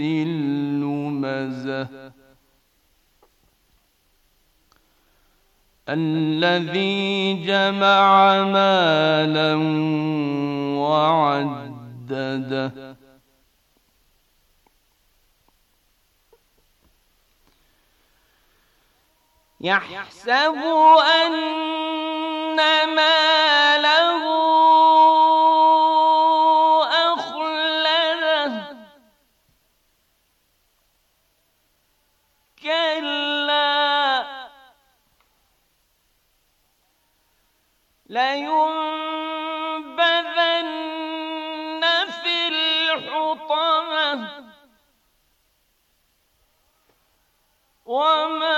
اللمزة الذي جمع مالا وعدده يحسب أن ماله وما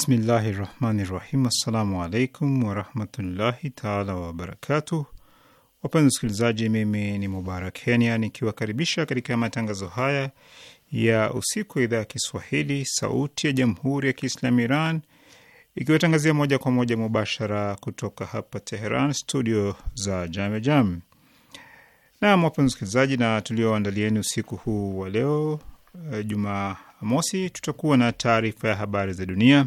Bismillahi rahmani rahim. Assalamu alaikum warahmatullahi taala wabarakatuh. Wapenzi wasikilizaji, mimi ni Mubarak Kenya nikiwakaribisha katika matangazo haya ya usiku wa idhaa ya Kiswahili sauti ya jamhuri ya Kiislamu Iran ikiwatangazia moja kwa moja mubashara kutoka hapa Teheran, studio za Jamejam. Naam, wapenzi wasikilizaji, na tulioandalieni usiku huu wa leo eh, Jumaa mosi, tutakuwa na taarifa ya habari za dunia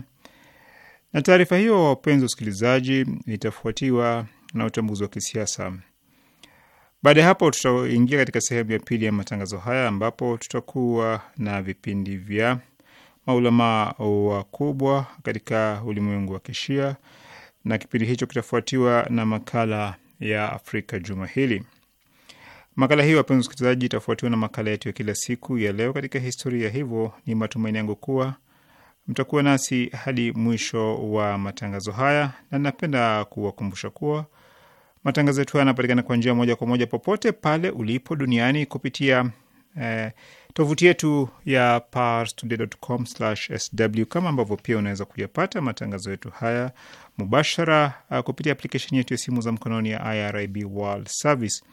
na taarifa hiyo, wapenzi wa usikilizaji itafuatiwa na uchambuzi wa kisiasa. Baada ya hapo, tutaingia katika sehemu ya pili ya matangazo haya ambapo tutakuwa na vipindi vya maulamaa wakubwa katika ulimwengu wa Kishia, na kipindi hicho kitafuatiwa na makala ya Afrika juma hili. Makala hiyo, wapenzi wasikilizaji, itafuatiwa na makala yetu ya kila siku ya leo katika historia. Hivyo ni matumaini yangu kuwa Mtakuwa nasi hadi mwisho wa matangazo haya, na napenda kuwakumbusha kuwa matangazo yetu haya yanapatikana kwa njia moja kwa moja popote pale ulipo duniani kupitia eh, tovuti yetu ya parstoday.com/sw kama ambavyo pia unaweza kuyapata matangazo yetu haya mubashara eh, kupitia aplikesheni yetu ya simu za mkononi ya IRIB World Service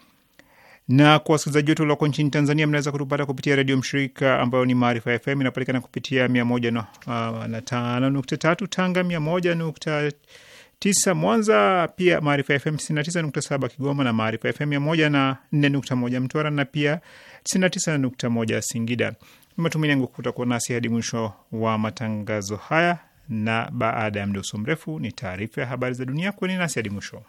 na kwa wasikilizaji wetu walioko nchini Tanzania, mnaweza kutupata kupitia redio mshirika ambayo ni Maarifa FM, inapatikana kupitia mia moja na, uh, tano nukta tatu Tanga, mia moja nukta tisa Mwanza, pia Maarifa FM tisini tisa nukta saba Kigoma na Maarifa FM mia moja na nne nukta moja Mtwara na pia tisini na tisa nukta moja Singida. Matumaini yangu kutakuwa nasi hadi mwisho wa matangazo haya, na baada ya mda usio mrefu ni taarifa ya habari za dunia. kweni nasi hadi mwisho.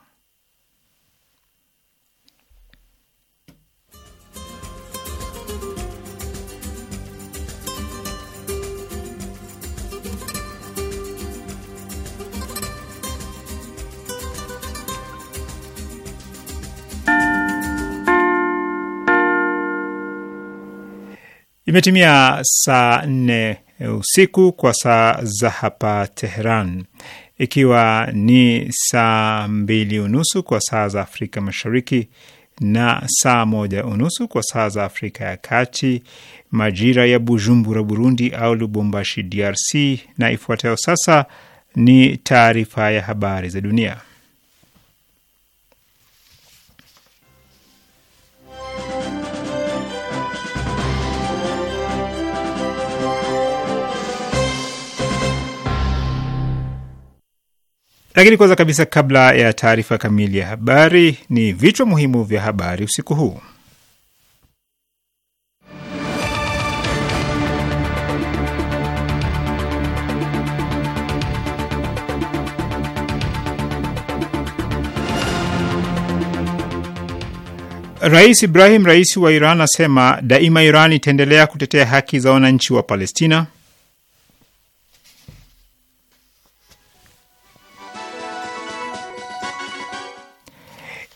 Imetimia saa nne usiku kwa saa za hapa Teheran, ikiwa ni saa mbili unusu kwa saa za Afrika Mashariki na saa moja unusu kwa saa za Afrika ya Kati, majira ya Bujumbura, Burundi, au Lubumbashi, DRC. Na ifuatayo sasa ni taarifa ya habari za dunia. Lakini kwanza kabisa, kabla ya taarifa kamili ya habari, ni vichwa muhimu vya habari usiku huu. Rais Ibrahim Raisi wa Iran asema daima Iran itaendelea kutetea haki za wananchi wa Palestina.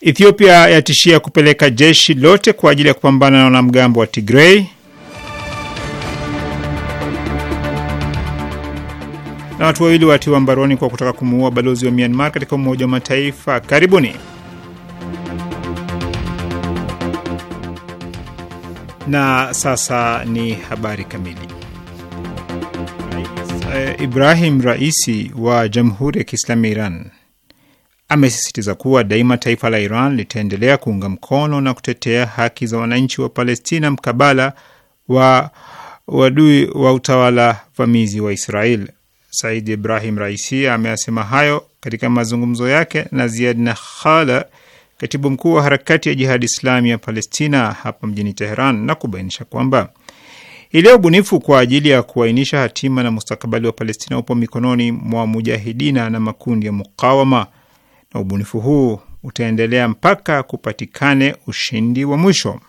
Ethiopia yatishia kupeleka jeshi lote kwa ajili ya kupambana na wanamgambo wa Tigray. Na watu wawili watiwa mbaroni kwa kutaka kumuua balozi wa Myanmar katika Umoja wa Mataifa. Karibuni. Na sasa ni habari kamili. Eh, Ibrahim Raisi wa Jamhuri ya Kiislamu ya Iran amesisitiza kuwa daima taifa la Iran litaendelea kuunga mkono na kutetea haki za wananchi wa Palestina mkabala wa wadui wa utawala vamizi wa Israel. Said Ibrahim Raisi ameyasema hayo katika mazungumzo yake na Ziad Nakhala, katibu mkuu wa harakati ya Jihadi Islami ya Palestina hapa mjini Teheran, na kubainisha kwamba ile ubunifu kwa ajili ya kuainisha hatima na mustakabali wa Palestina upo mikononi mwa mujahidina na makundi ya mukawama na ubunifu huu utaendelea mpaka kupatikane ushindi wa mwisho.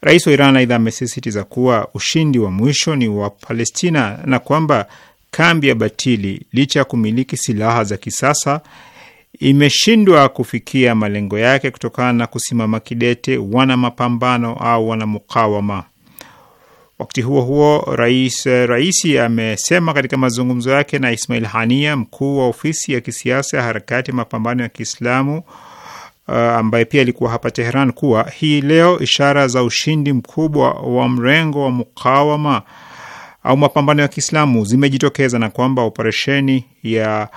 Rais wa Iran aidha amesisitiza kuwa ushindi wa mwisho ni wa Palestina na kwamba kambi ya Batili, licha ya kumiliki silaha za kisasa, imeshindwa kufikia malengo yake kutokana na kusimama kidete wana mapambano au wana mukawama Wakati huo huo, rais eh, Raisi amesema katika mazungumzo yake na Ismail Hania, mkuu wa ofisi ya kisiasa ya harakati ya mapambano ya Kiislamu uh, ambaye pia alikuwa hapa Teheran, kuwa hii leo ishara za ushindi mkubwa wa mrengo wa mukawama au mapambano ya Kiislamu zimejitokeza na kwamba operesheni ya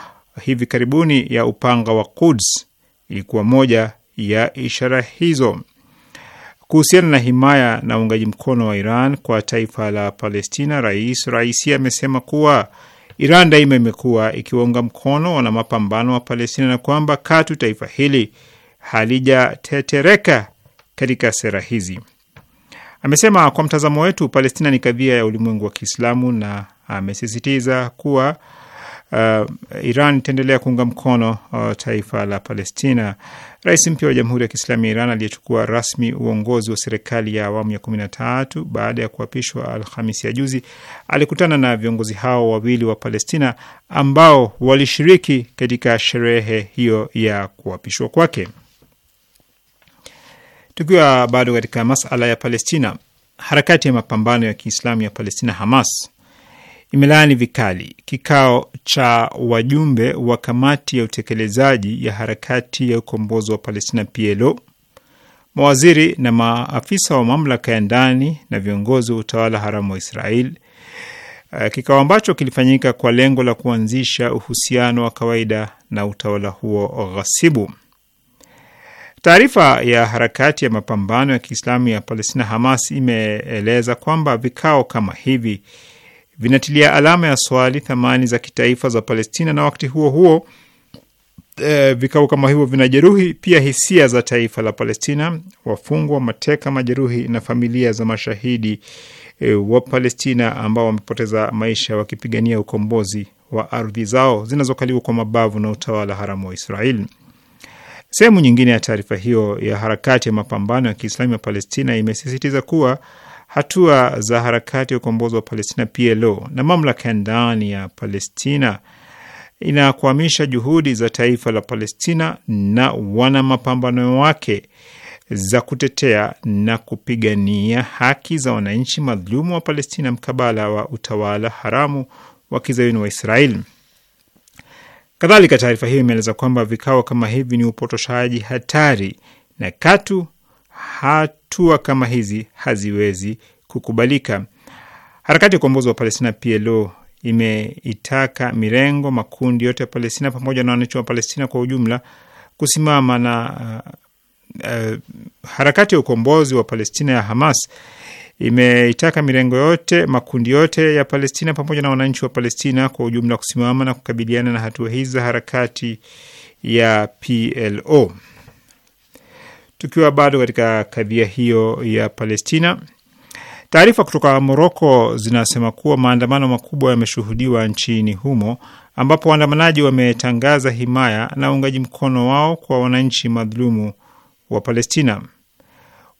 hivi karibuni ya upanga wa Quds ilikuwa moja ya ishara hizo. Kuhusiana na himaya na uungaji mkono wa Iran kwa taifa la Palestina, Rais Raisi amesema kuwa Iran daima imekuwa ikiwaunga mkono wana mapambano wa Palestina na kwamba katu taifa hili halijatetereka katika sera hizi. Amesema kwa mtazamo wetu, Palestina ni kadhia ya ulimwengu wa Kiislamu na amesisitiza kuwa uh, Iran itaendelea kuunga mkono uh, taifa la Palestina. Rais mpya wa Jamhuri ya Kiislamu ya Iran aliyechukua rasmi uongozi wa serikali ya awamu ya kumi na tatu baada ya kuapishwa Alhamisi ya juzi alikutana na viongozi hao wawili wa Palestina ambao walishiriki katika sherehe hiyo ya kuapishwa kwake. Tukiwa bado katika masala ya Palestina, harakati ya mapambano ya Kiislamu ya Palestina Hamas imelaani vikali kikao cha wajumbe wa kamati ya utekelezaji ya harakati ya ukombozi wa Palestina PLO, mawaziri na maafisa wa mamlaka ya ndani na viongozi wa utawala haramu wa Israel, eh, kikao ambacho kilifanyika kwa lengo la kuanzisha uhusiano wa kawaida na utawala huo ghasibu. Taarifa ya harakati ya mapambano ya Kiislamu ya Palestina Hamas imeeleza kwamba vikao kama hivi vinatilia alama ya swali thamani za kitaifa za Palestina na wakati huo huo e, vikao kama hivyo vinajeruhi pia hisia za taifa la Palestina. Wafungwa, mateka, majeruhi na familia za mashahidi e, wa Palestina ambao wamepoteza maisha wakipigania ukombozi wa ardhi zao zinazokaliwa kwa mabavu na utawala haramu wa Israel. Sehemu nyingine ya taarifa hiyo ya harakati ya mapambano ya Kiislamu ya Palestina imesisitiza kuwa hatua za harakati ya ukombozi wa Palestina PLO na mamlaka ya ndani ya Palestina inakwamisha juhudi za taifa la Palestina na wana mapambano wake za kutetea na kupigania haki za wananchi madhulumu wa Palestina mkabala wa utawala haramu wa kizayuni wa Israeli. Kadhalika, taarifa hiyo imeeleza kwamba vikao kama hivi ni upotoshaji hatari na katu hatua kama hizi haziwezi kukubalika. Harakati ya ukombozi wa Palestina PLO imeitaka mirengo, makundi yote ya Palestina pamoja na wananchi wa Palestina kwa ujumla kusimama na uh, uh, harakati ya ukombozi wa Palestina ya Hamas imeitaka mirengo yote, makundi yote ya Palestina pamoja na wananchi wa Palestina kwa ujumla kusimama na kukabiliana na hatua hizi za harakati ya PLO. Tukiwa bado katika kadhia hiyo ya Palestina, taarifa kutoka Moroko zinasema kuwa maandamano makubwa yameshuhudiwa nchini humo ambapo waandamanaji wametangaza himaya na uungaji mkono wao kwa wananchi madhulumu wa Palestina.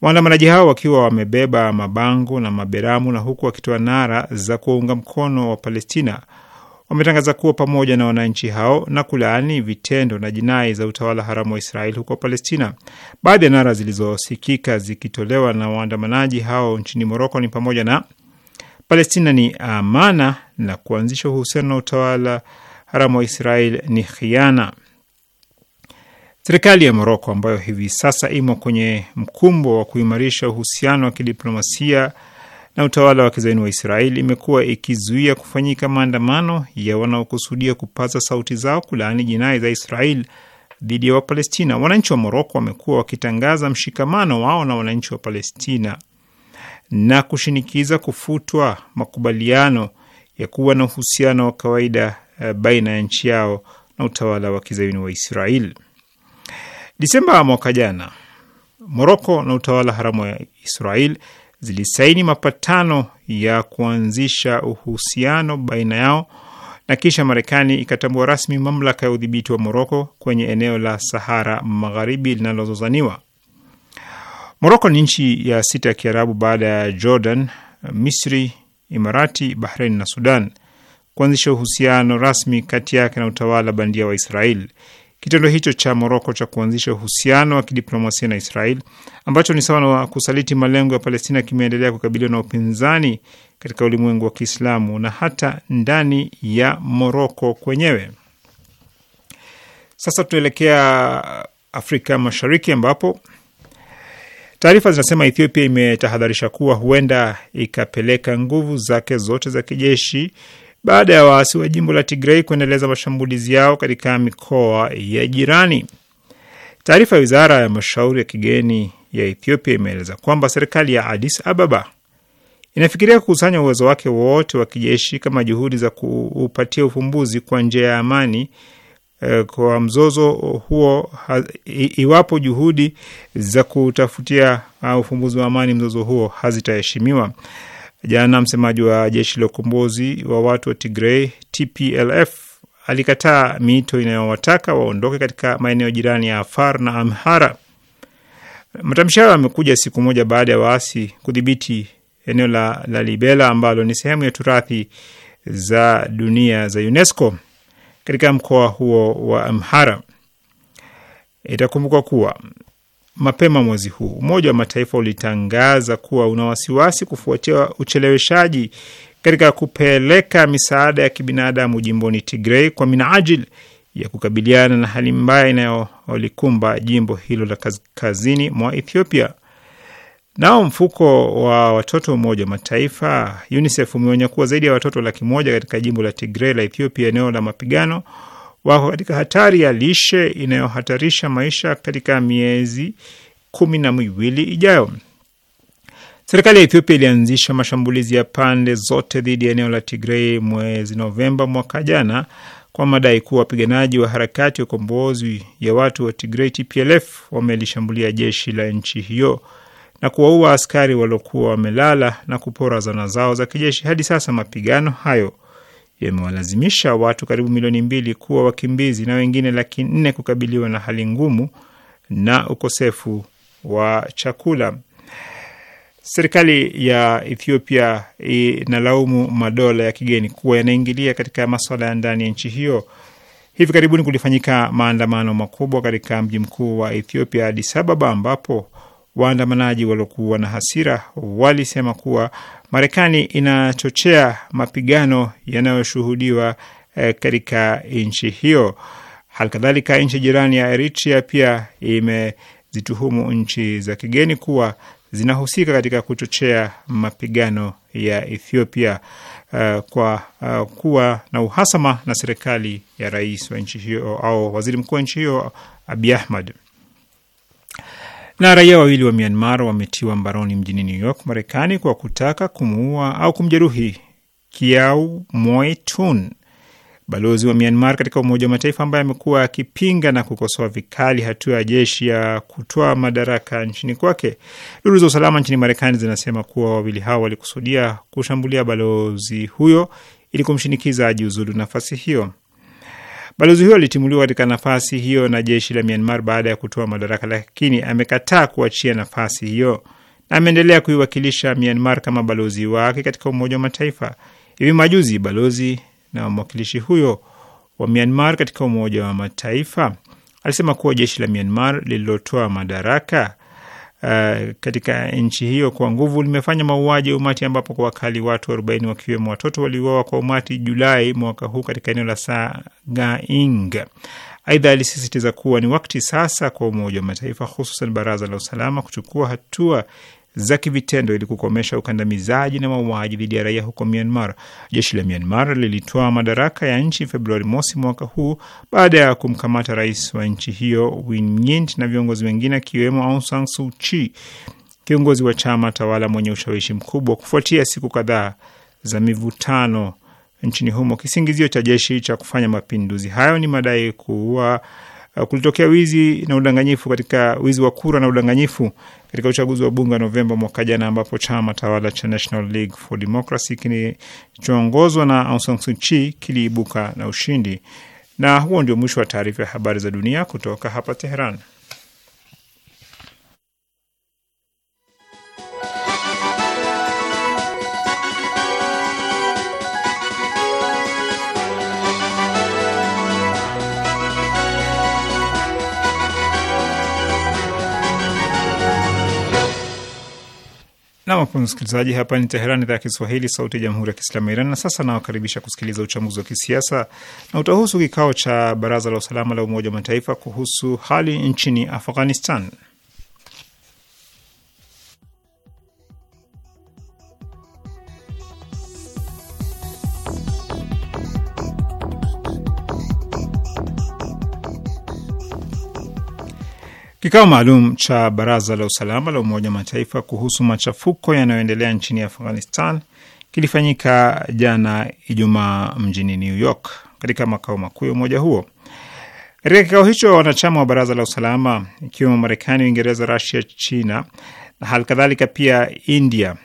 Waandamanaji hao wakiwa wamebeba mabango na maberamu na huku wakitoa nara za kuwaunga mkono wa Palestina wametangaza kuwa pamoja na wananchi hao na kulaani vitendo na jinai za utawala haramu wa Israeli huko Palestina. Baadhi ya nara zilizosikika zikitolewa na waandamanaji hao nchini Moroko ni pamoja na Palestina ni amana na kuanzisha uhusiano na utawala haramu wa israel ni khiana. Serikali ya Moroko ambayo hivi sasa imo kwenye mkumbo wa kuimarisha uhusiano wa kidiplomasia na utawala wa kizaini wa Israeli imekuwa ikizuia kufanyika maandamano ya wanaokusudia kupaza sauti zao kulaani jinai za Israeli dhidi ya Wapalestina. Wananchi wa Moroko wamekuwa wakitangaza mshikamano wao na wananchi wa Palestina na kushinikiza kufutwa makubaliano ya kuwa na uhusiano wa kawaida eh, baina ya nchi yao na utawala wa kizaini wa Israeli. Disemba mwaka jana, Moroko na utawala haramu wa Israeli zilisaini mapatano ya kuanzisha uhusiano baina yao na kisha Marekani ikatambua rasmi mamlaka ya udhibiti wa Moroko kwenye eneo la Sahara Magharibi linalozozaniwa. Moroko ni nchi ya sita ya Kiarabu baada ya Jordan, Misri, Imarati, Bahrain na Sudan kuanzisha uhusiano rasmi kati yake na utawala bandia wa Israel. Kitendo hicho cha Moroko cha kuanzisha uhusiano wa kidiplomasia na Israel ambacho ni sawa na kusaliti malengo ya Palestina kimeendelea kukabiliwa na upinzani katika ulimwengu wa Kiislamu na hata ndani ya Moroko kwenyewe. Sasa tunaelekea Afrika Mashariki ambapo taarifa zinasema Ethiopia imetahadharisha kuwa huenda ikapeleka nguvu zake zote za kijeshi baada ya waasi wa jimbo la Tigrei kuendeleza mashambulizi yao katika mikoa ya jirani. Taarifa ya wizara ya mashauri ya kigeni ya Ethiopia imeeleza kwamba serikali ya Addis Ababa inafikiria kukusanya uwezo wake wote wa kijeshi kama juhudi za kuupatia ufumbuzi kwa njia ya amani eh, kwa mzozo huo iwapo juhudi za kutafutia ah, ufumbuzi wa amani mzozo huo hazitaheshimiwa. Jana msemaji wa jeshi la ukombozi wa watu wa Tigrei, TPLF, alikataa miito inayowataka waondoke katika maeneo jirani ya Afar na Amhara. Matamshi hayo yamekuja siku moja baada ya waasi kudhibiti eneo la Lalibela ambalo ni sehemu ya turathi za dunia za UNESCO katika mkoa huo wa Amhara. Itakumbukwa kuwa mapema mwezi huu Umoja wa Mataifa ulitangaza kuwa una wasiwasi kufuatia ucheleweshaji katika kupeleka misaada ya kibinadamu jimboni Tigrei kwa minajili ya kukabiliana na hali mbaya inayolikumba jimbo hilo la kaskazini mwa Ethiopia. Nao mfuko wa watoto Umoja wa Mataifa UNICEF umeonya kuwa zaidi ya watoto laki moja katika jimbo la Tigrei la Ethiopia, eneo la mapigano wako katika hatari ya lishe inayohatarisha maisha katika miezi kumi na miwili ijayo. Serikali ya Ethiopia ilianzisha mashambulizi ya pande zote dhidi ya eneo la Tigrei mwezi Novemba mwaka jana kwa madai kuwa wapiganaji wa harakati ya ukombozi ya watu wa Tigrei TPLF wamelishambulia jeshi la nchi hiyo na kuwaua askari waliokuwa wamelala na kupora zana zao za kijeshi. Hadi sasa mapigano hayo yamewalazimisha watu karibu milioni mbili kuwa wakimbizi na wengine laki nne kukabiliwa na hali ngumu na ukosefu wa chakula. Serikali ya Ethiopia inalaumu madola ya kigeni kuwa yanaingilia katika masuala ya ndani ya nchi hiyo. Hivi karibuni kulifanyika maandamano makubwa katika mji mkuu wa Ethiopia, Addis Ababa, ambapo waandamanaji waliokuwa na hasira walisema kuwa Marekani inachochea mapigano yanayoshuhudiwa e, katika nchi hiyo. Halikadhalika, nchi jirani ya Eritrea pia imezituhumu nchi za kigeni kuwa zinahusika katika kuchochea mapigano ya Ethiopia uh, kwa uh, kuwa na uhasama na serikali ya rais wa nchi hiyo au waziri mkuu wa nchi hiyo Abiy Ahmed. Na raia wawili wa Myanmar wametiwa mbaroni mjini New York, Marekani, kwa kutaka kumuua au kumjeruhi Kiau Moi Tun, balozi wa Myanmar katika Umoja wa Mataifa, ambaye amekuwa akipinga na kukosoa vikali hatua ya jeshi ya kutoa madaraka nchini kwake. Duru za usalama nchini Marekani zinasema kuwa wawili hao walikusudia kushambulia balozi huyo ili kumshinikiza ajiuzulu nafasi hiyo. Balozi huyo alitimuliwa katika nafasi hiyo na jeshi la Myanmar baada ya kutoa madaraka, lakini amekataa kuachia nafasi hiyo na ameendelea kuiwakilisha Myanmar kama balozi wake katika Umoja wa Mataifa. Hivi majuzi balozi na mwakilishi huyo wa Myanmar katika Umoja wa Mataifa alisema kuwa jeshi la Myanmar lililotoa madaraka uh, katika nchi hiyo kwa nguvu limefanya mauaji ya umati ambapo kwa wakali watu 40 wakiwemo watoto waliuawa kwa umati Julai mwaka huu katika eneo la Sagaing. Aidha, alisisitiza kuwa ni wakati sasa kwa Umoja wa Mataifa, hususan Baraza la Usalama, kuchukua hatua za kivitendo ili kukomesha ukandamizaji na mauaji dhidi ya raia huko Myanmar. Jeshi la Myanmar lilitoa madaraka ya nchi Februari mosi mwaka huu baada ya kumkamata rais wa nchi hiyo Win Myint na viongozi wengine akiwemo Aung San Suu Kyi, kiongozi wa chama tawala mwenye ushawishi mkubwa, kufuatia siku kadhaa za mivutano nchini humo. Kisingizio cha jeshi cha kufanya mapinduzi hayo ni madai kuwa Uh, kulitokea wizi na udanganyifu katika wizi wa kura na udanganyifu katika uchaguzi wa bunge Novemba mwaka jana, ambapo chama tawala cha National League for Democracy kilichoongozwa na Aung San Suu Kyi kiliibuka na ushindi. Na huo ndio mwisho wa taarifa ya habari za dunia kutoka hapa Teheran. Nam wapenzi msikilizaji, hapa ni Teherani, idhaa ya Kiswahili, sauti ya jamhuri ya kiislamu ya Iran. Na sasa nawakaribisha kusikiliza uchambuzi wa kisiasa na utahusu kikao cha baraza la usalama la Umoja wa Mataifa kuhusu hali nchini Afghanistan. Kikao maalum cha Baraza la Usalama la Umoja wa Mataifa kuhusu machafuko yanayoendelea nchini Afghanistan kilifanyika jana Ijumaa mjini New York katika makao makuu ya umoja huo. Katika kikao hicho wanachama wa Baraza la Usalama ikiwemo Marekani, Uingereza, Rusia, China na hali kadhalika pia India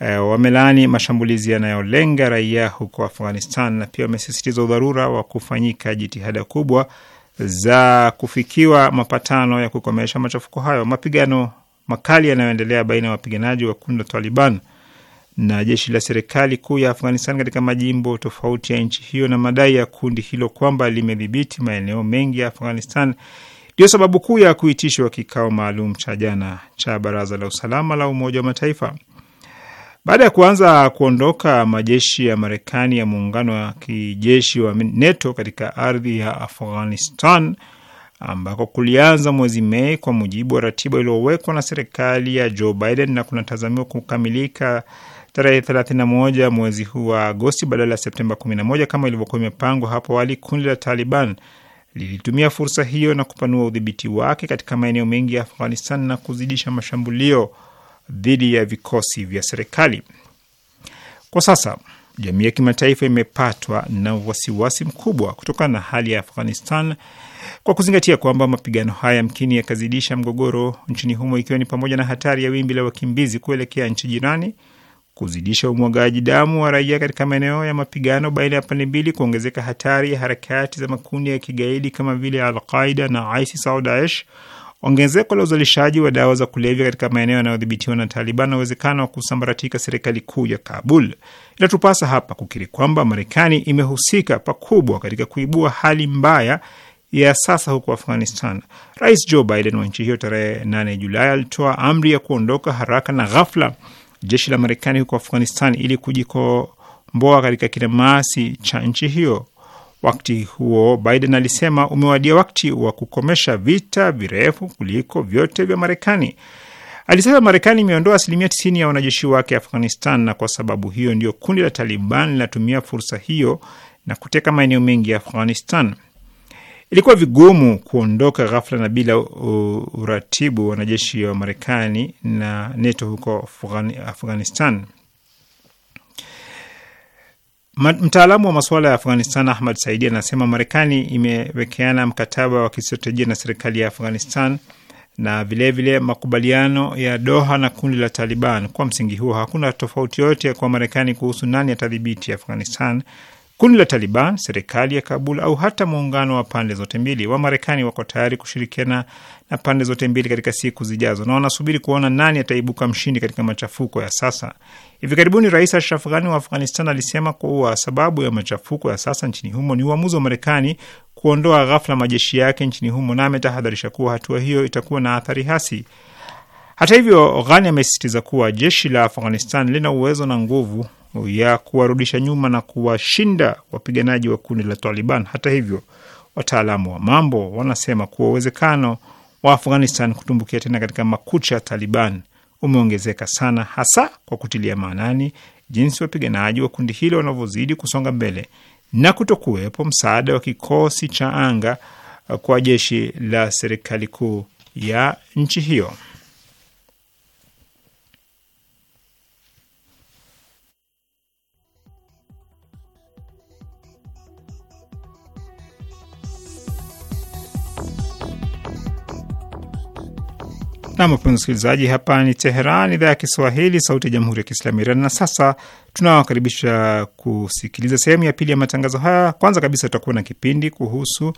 e, wamelaani mashambulizi yanayolenga raia huko Afghanistan na pia wamesisitiza udharura wa kufanyika jitihada kubwa za kufikiwa mapatano ya kukomesha machafuko hayo. Mapigano makali yanayoendelea baina ya wapiganaji wa kundi la Taliban na jeshi la serikali kuu ya Afghanistan katika majimbo tofauti ya nchi hiyo na madai ya kundi hilo kwamba limedhibiti maeneo mengi ya Afghanistan ndiyo sababu kuu ya kuitishwa kikao maalum cha jana cha Baraza la Usalama la Umoja wa Mataifa. Baada ya kuanza kuondoka majeshi ya Marekani ya muungano wa kijeshi wa NATO katika ardhi ya Afghanistan ambako kulianza mwezi Mei kwa mujibu wa ratiba iliyowekwa na serikali ya Joe Biden na kunatazamiwa kukamilika tarehe 31 mwezi huu wa Agosti badala ya Septemba 11 kama ilivyokuwa imepangwa hapo awali. Kundi la Taliban lilitumia fursa hiyo na kupanua udhibiti wake katika maeneo mengi ya Afghanistan na kuzidisha mashambulio dhidi ya vikosi vya serikali. Kwa sasa jamii ya kimataifa imepatwa na wasiwasi mkubwa kutokana na hali ya Afghanistan, kwa kuzingatia kwamba mapigano haya mkini yakazidisha mgogoro nchini humo, ikiwa ni pamoja na hatari ya wimbi la wakimbizi kuelekea nchi jirani, kuzidisha umwagaji damu wa raia katika maeneo ya mapigano baina ya pande mbili, kuongezeka hatari ya harakati za makundi ya kigaidi kama vile Alqaida na ISIS au Daesh Ongezeko la uzalishaji wa dawa za kulevya katika maeneo yanayodhibitiwa na Taliban na uwezekano wa kusambaratika serikali kuu ya Kabul inatupasa hapa kukiri kwamba Marekani imehusika pakubwa katika kuibua hali mbaya ya sasa huko Afghanistan. Rais Joe Biden wa nchi hiyo tarehe 8 Julai alitoa amri ya kuondoka haraka na ghafla jeshi la Marekani huko Afghanistan ili kujikomboa katika kinamasi cha nchi hiyo. Wakati huo Biden alisema umewadia wakati wa kukomesha vita virefu kuliko vyote vya Marekani. Alisema Marekani imeondoa asilimia 90 ya wanajeshi wake Afghanistan, na kwa sababu hiyo ndio kundi la Taliban linatumia fursa hiyo na kuteka maeneo mengi ya Afghanistan. Ilikuwa vigumu kuondoka ghafla na bila uratibu wanajeshi wa Marekani na NATO huko Afghanistan. Mtaalamu wa masuala ya Afghanistan Ahmad Saidi anasema Marekani imewekeana mkataba wa kistratejia na serikali ya Afghanistan na vilevile vile makubaliano ya Doha na kundi la Taliban. Kwa msingi huo, hakuna tofauti yoyote kwa Marekani kuhusu nani atadhibiti Afghanistan Kundi la Taliban, serikali ya Kabul au hata muungano wa pande zote mbili. Wamarekani wako tayari kushirikiana na pande zote mbili katika siku zijazo, na wanasubiri kuona nani ataibuka mshindi katika machafuko ya sasa. Hivi karibuni Rais Ashraf Ghani wa Afghanistan alisema kuwa sababu ya machafuko ya sasa nchini humo ni uamuzi wa Marekani kuondoa ghafla majeshi yake nchini humo, na ametahadharisha kuwa hatua hiyo itakuwa na athari hasi. Hata hivyo, Ghani amesisitiza kuwa jeshi la Afghanistan lina uwezo na nguvu ya kuwarudisha nyuma na kuwashinda wapiganaji wa kundi la Taliban. Hata hivyo, wataalamu wa mambo wanasema kuwa uwezekano wa Afghanistan kutumbukia tena katika makucha ya Taliban umeongezeka sana, hasa kwa kutilia maanani jinsi wapiganaji wa kundi hilo wanavyozidi kusonga mbele na kutokuwepo msaada wa kikosi cha anga kwa jeshi la serikali kuu ya nchi hiyo. Nam, wapenzi msikilizaji, hapa ni Teheran, idhaa ya Kiswahili, sauti ya jamhuri ya kiislamu Iran. Na sasa tunawakaribisha kusikiliza sehemu ya pili ya matangazo haya. Kwanza kabisa, tutakuwa na kipindi kuhusu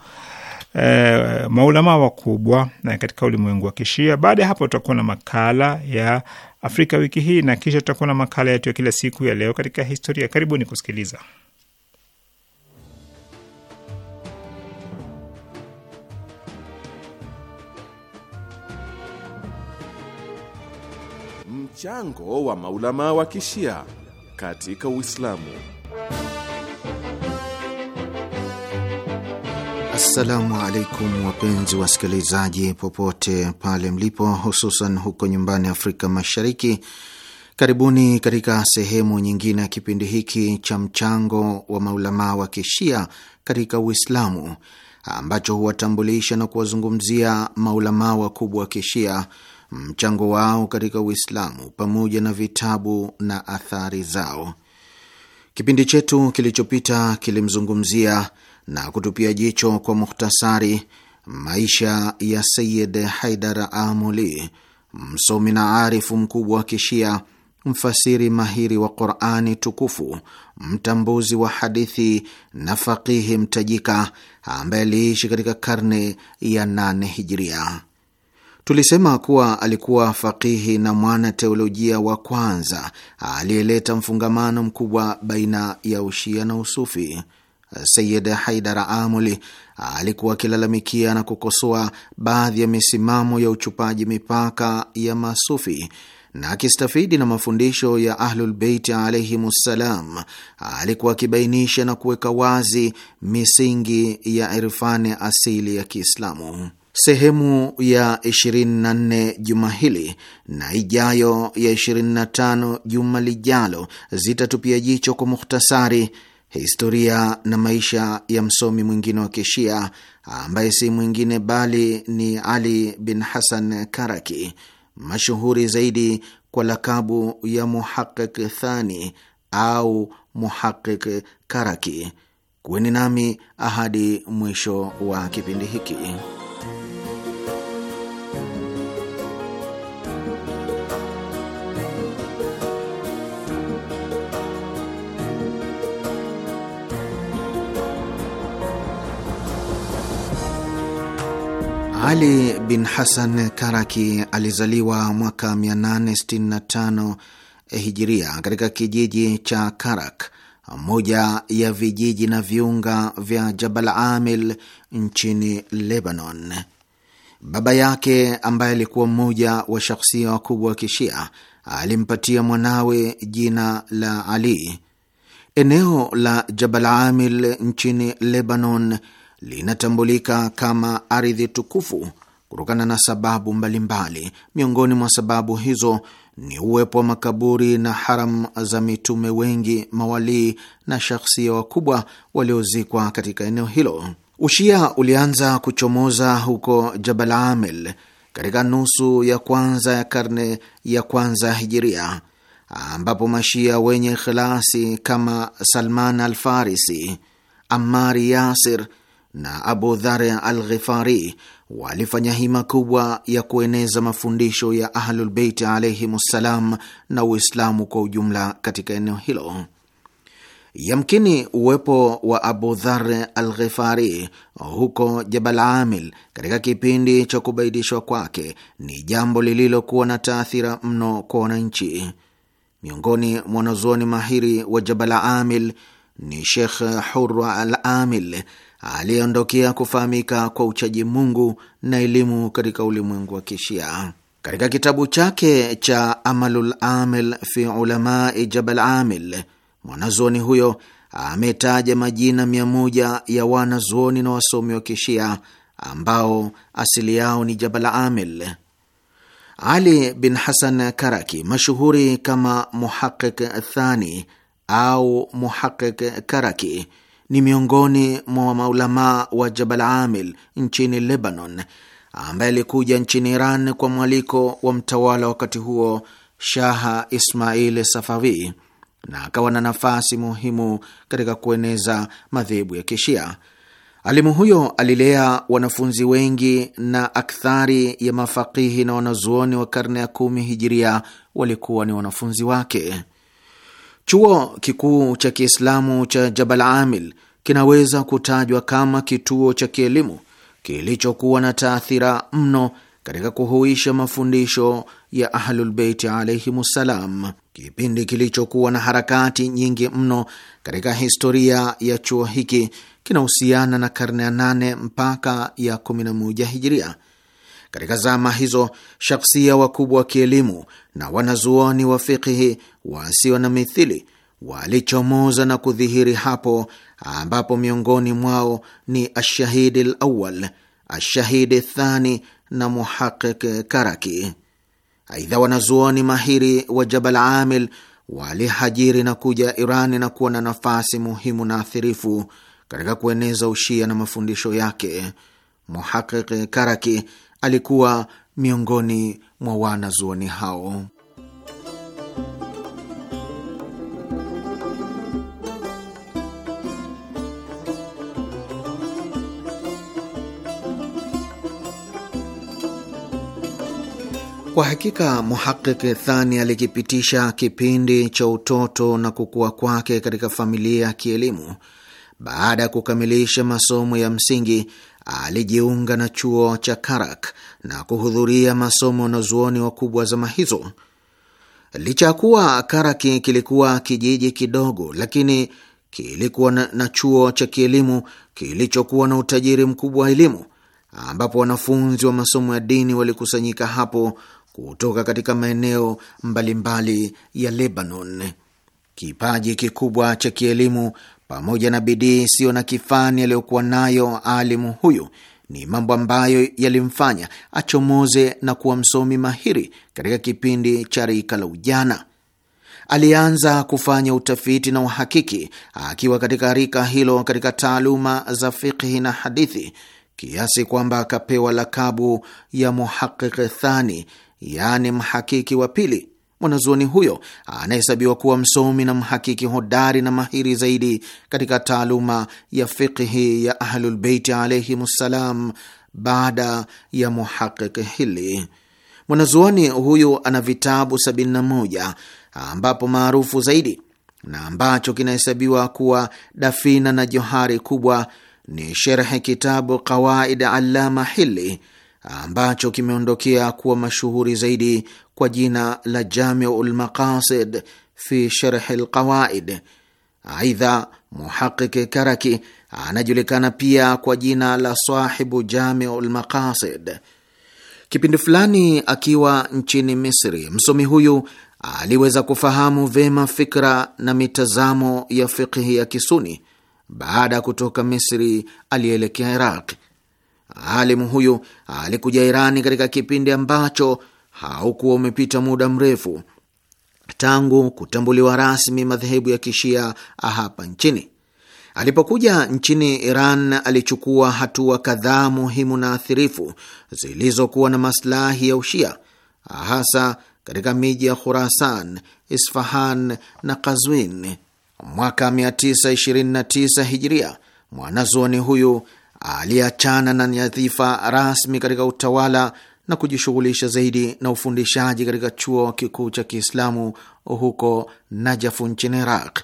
eh, maulama wakubwa eh, katika ulimwengu wa Kishia. Baada ya hapo, tutakuwa na makala ya Afrika wiki hii, na kisha tutakuwa na makala yetu ya kila siku ya leo katika historia. Karibuni kusikiliza. Mchango wa maulama wa kishia katika Uislamu. Assalamu alaikum wapenzi wasikilizaji, popote pale mlipo, hususan huko nyumbani Afrika Mashariki. Karibuni katika sehemu nyingine ya kipindi hiki cha mchango wa maulamaa wa kishia katika Uislamu ambacho huwatambulisha na kuwazungumzia maulamaa wakubwa wa kishia mchango wao katika Uislamu pamoja na vitabu na athari zao. Kipindi chetu kilichopita kilimzungumzia na kutupia jicho kwa muhtasari maisha ya Sayid Haidar Amuli, msomi na arifu mkubwa wa Kishia, mfasiri mahiri wa Qurani Tukufu, mtambuzi wa hadithi na faqihi mtajika, ambaye aliishi katika karne ya nane Hijiria. Tulisema kuwa alikuwa fakihi na mwana teolojia wa kwanza aliyeleta mfungamano mkubwa baina ya ushia na usufi. Sayid haidar Amuli alikuwa akilalamikia na kukosoa baadhi ya misimamo ya uchupaji mipaka ya masufi na akistafidi na mafundisho ya Ahlulbeiti alaihimussalam, alikuwa akibainisha na kuweka wazi misingi ya irfani asili ya Kiislamu sehemu ya 24 juma hili na ijayo ya 25 juma lijalo zitatupia jicho kwa muhtasari historia na maisha ya msomi mwingine wa Kishia ambaye si mwingine bali ni Ali bin Hasan Karaki, mashuhuri zaidi kwa lakabu ya Muhaqiq Thani au Muhaqiq Karaki. Kuweni nami ahadi mwisho wa kipindi hiki. Ali bin Hasan Karaki alizaliwa mwaka 865 hijiria katika kijiji cha Karak, moja ya vijiji na viunga vya Jabal Amil nchini Lebanon. Baba yake ambaye alikuwa mmoja wa shakhsia wakubwa wa Kishia alimpatia mwanawe jina la Ali. Eneo la Jabal Amil nchini Lebanon linatambulika kama ardhi tukufu kutokana na sababu mbalimbali mbali. Miongoni mwa sababu hizo ni uwepo wa makaburi na haram za mitume wengi, mawalii na shakhsia wakubwa waliozikwa katika eneo hilo. Ushia ulianza kuchomoza huko Jabal Amel katika nusu ya kwanza ya karne ya kwanza Hijiria, ambapo mashia wenye khilasi kama Salman alfarisi Amari Yasir na Abu Dhar al Ghifari walifanya hima kubwa ya kueneza mafundisho ya Ahlulbeiti ssalam na Uislamu kwa ujumla katika eneo hilo. Yamkini uwepo wa Abu Dhar al Ghifari huko Jabal Amil katika kipindi cha kubaidishwa kwake ni jambo lililokuwa na taathira mno kwa wananchi. Miongoni mwa wanazuoni mahiri wa Jabal Amil ni Shekh Hurwa al Amil aliyeondokea kufahamika kwa uchaji Mungu na elimu katika ulimwengu wa Kishia. Katika kitabu chake cha Amalul Amil fi Ulamai Jabal Amil, mwanazuoni huyo ametaja majina mia moja ya wanazuoni na wasomi wa Kishia ambao asili yao ni Jabal Amil. Ali bin Hasan Karaki, mashuhuri kama Muhaqiq Thani au Muhaqiq Karaki, ni miongoni mwa maulamaa wa Jabal Amil nchini Lebanon, ambaye alikuja nchini Iran kwa mwaliko wa mtawala wakati huo Shaha Ismail Safawi na akawa na nafasi muhimu katika kueneza madhehebu ya Kishia. Alimu huyo alilea wanafunzi wengi na akthari ya mafakihi na wanazuoni wa karne ya kumi hijiria walikuwa ni wanafunzi wake. Chuo kikuu cha Kiislamu cha Jabal Amil kinaweza kutajwa kama kituo cha kielimu kilichokuwa na taathira mno katika kuhuisha mafundisho ya Ahlulbeiti alaihimussalam, kipindi kilichokuwa na harakati nyingi mno katika historia ya chuo hiki kinahusiana na karne ya nane mpaka ya kumi na moja hijiria. Katika zama hizo, shakhsia wakubwa wa kielimu na wanazuoni wa fikhi wasio na mithili walichomoza na kudhihiri hapo ambapo miongoni mwao ni Ashahidi Lawal, Ashahidi Thani na Muhaqiq Karaki. Aidha, wanazuoni mahiri wa Jabal Amil walihajiri na kuja Irani na kuwa na nafasi muhimu na athirifu katika kueneza ushia na mafundisho yake. Muhaqiq Karaki alikuwa miongoni mwa wanazuoni hao. Kwa hakika Muhaqiki Thani alikipitisha kipindi cha utoto na kukua kwake katika familia ya kielimu. Baada ya kukamilisha masomo ya msingi, alijiunga na chuo cha Karak na kuhudhuria masomo na zuoni wakubwa zama hizo. Licha ya kuwa Karaki kilikuwa kijiji kidogo, lakini kilikuwa na, na chuo cha kielimu kilichokuwa na utajiri mkubwa wa elimu ambapo wanafunzi wa masomo ya dini walikusanyika hapo kutoka katika maeneo mbalimbali ya Lebanon. Kipaji kikubwa cha kielimu pamoja na bidii isiyo na kifani aliyokuwa nayo alimu huyu ni mambo ambayo yalimfanya achomoze na kuwa msomi mahiri katika kipindi cha rika la ujana. Alianza kufanya utafiti na uhakiki akiwa katika rika hilo katika taaluma za fikhi na hadithi, kiasi kwamba akapewa lakabu ya Muhaqiq Thani, yaani mhakiki wa pili. Mwanazuoni huyo anahesabiwa kuwa msomi na mhakiki hodari na mahiri zaidi katika taaluma ya fiqhi ya Ahlulbeiti ssalam baada ya muhaqiq Hili. Mwanazuoni huyu ana vitabu 71 ambapo maarufu zaidi na ambacho kinahesabiwa kuwa dafina na johari kubwa ni sherhe kitabu Qawaid Allama Hili ambacho kimeondokea kuwa mashuhuri zaidi kwa jina la Jamiu lMaqasid fi Sharhi lQawaid. Aidha, Muhaqiqi Karaki anajulikana pia kwa jina la sahibu Jamiu lMaqasid. Kipindi fulani akiwa nchini Misri, msomi huyu aliweza kufahamu vema fikra na mitazamo ya fikhi ya Kisuni. Baada ya kutoka Misri, alielekea Iraq. Alimu huyu alikuja Irani katika kipindi ambacho haukuwa umepita muda mrefu tangu kutambuliwa rasmi madhehebu ya kishia hapa nchini. Alipokuja nchini Iran alichukua hatua kadhaa muhimu na athirifu zilizokuwa na maslahi ya Ushia, hasa katika miji ya Khurasan, Isfahan na Kazwin. Mwaka 929 Hijria, mwanazuoni huyu aliyeachana na nyadhifa rasmi katika utawala na kujishughulisha zaidi na ufundishaji katika chuo kikuu cha Kiislamu huko Najafu nchini Iraq.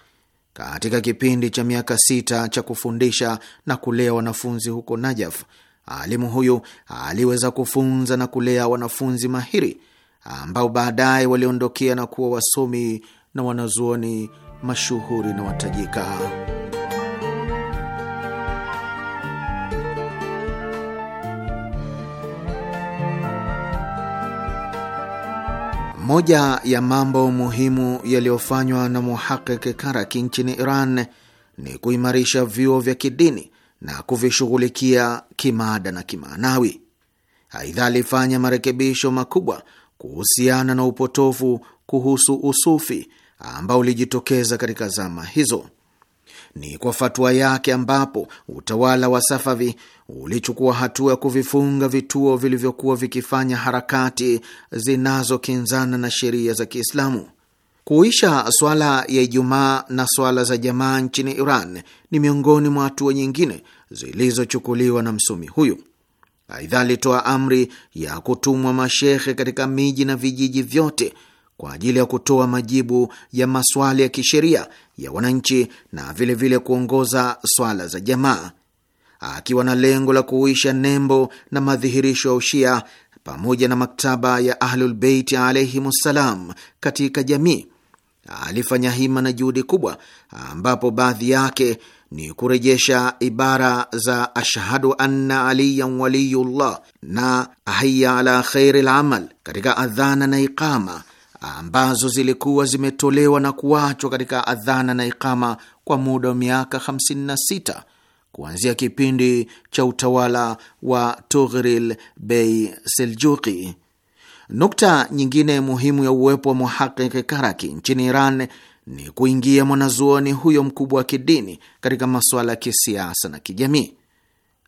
Katika kipindi cha miaka sita cha kufundisha na kulea wanafunzi huko Najaf, alimu huyu aliweza kufunza na kulea wanafunzi mahiri ambao baadaye waliondokea na kuwa wasomi na wanazuoni mashuhuri na watajika. Moja ya mambo muhimu yaliyofanywa na muhaqiki Karaki nchini Iran ni kuimarisha vyuo vya kidini na kuvishughulikia kimaada na kimaanawi. Aidha, alifanya marekebisho makubwa kuhusiana na upotofu kuhusu usufi ambao ulijitokeza katika zama hizo. Ni kwa fatua yake ambapo utawala wa Safavi ulichukua hatua ya kuvifunga vituo vilivyokuwa vikifanya harakati zinazokinzana na sheria za Kiislamu. Kuisha swala ya Ijumaa na swala za jamaa nchini Iran ni miongoni mwa hatua nyingine zilizochukuliwa na msomi huyu. Aidha, alitoa amri ya kutumwa mashehe katika miji na vijiji vyote kwa ajili ya kutoa majibu ya maswali ya kisheria ya wananchi na vilevile vile kuongoza swala za jamaa, akiwa na lengo la kuuisha nembo na madhihirisho ya Ushia pamoja na maktaba ya Ahlulbeiti ssalam katika jamii. Alifanya hima na juhudi kubwa, ambapo baadhi yake ni kurejesha ibara za ashhadu anna aliyan waliyullah na hayya ala khairi lamal katika adhana na iqama ambazo zilikuwa zimetolewa na kuachwa katika adhana na ikama kwa muda wa miaka 56 kuanzia kipindi cha utawala wa Tughril Bei Seljuki. Nukta nyingine muhimu ya uwepo wa muhaqiki Karaki nchini Iran ni kuingia mwanazuoni huyo mkubwa wa kidini katika masuala ya kisiasa na kijamii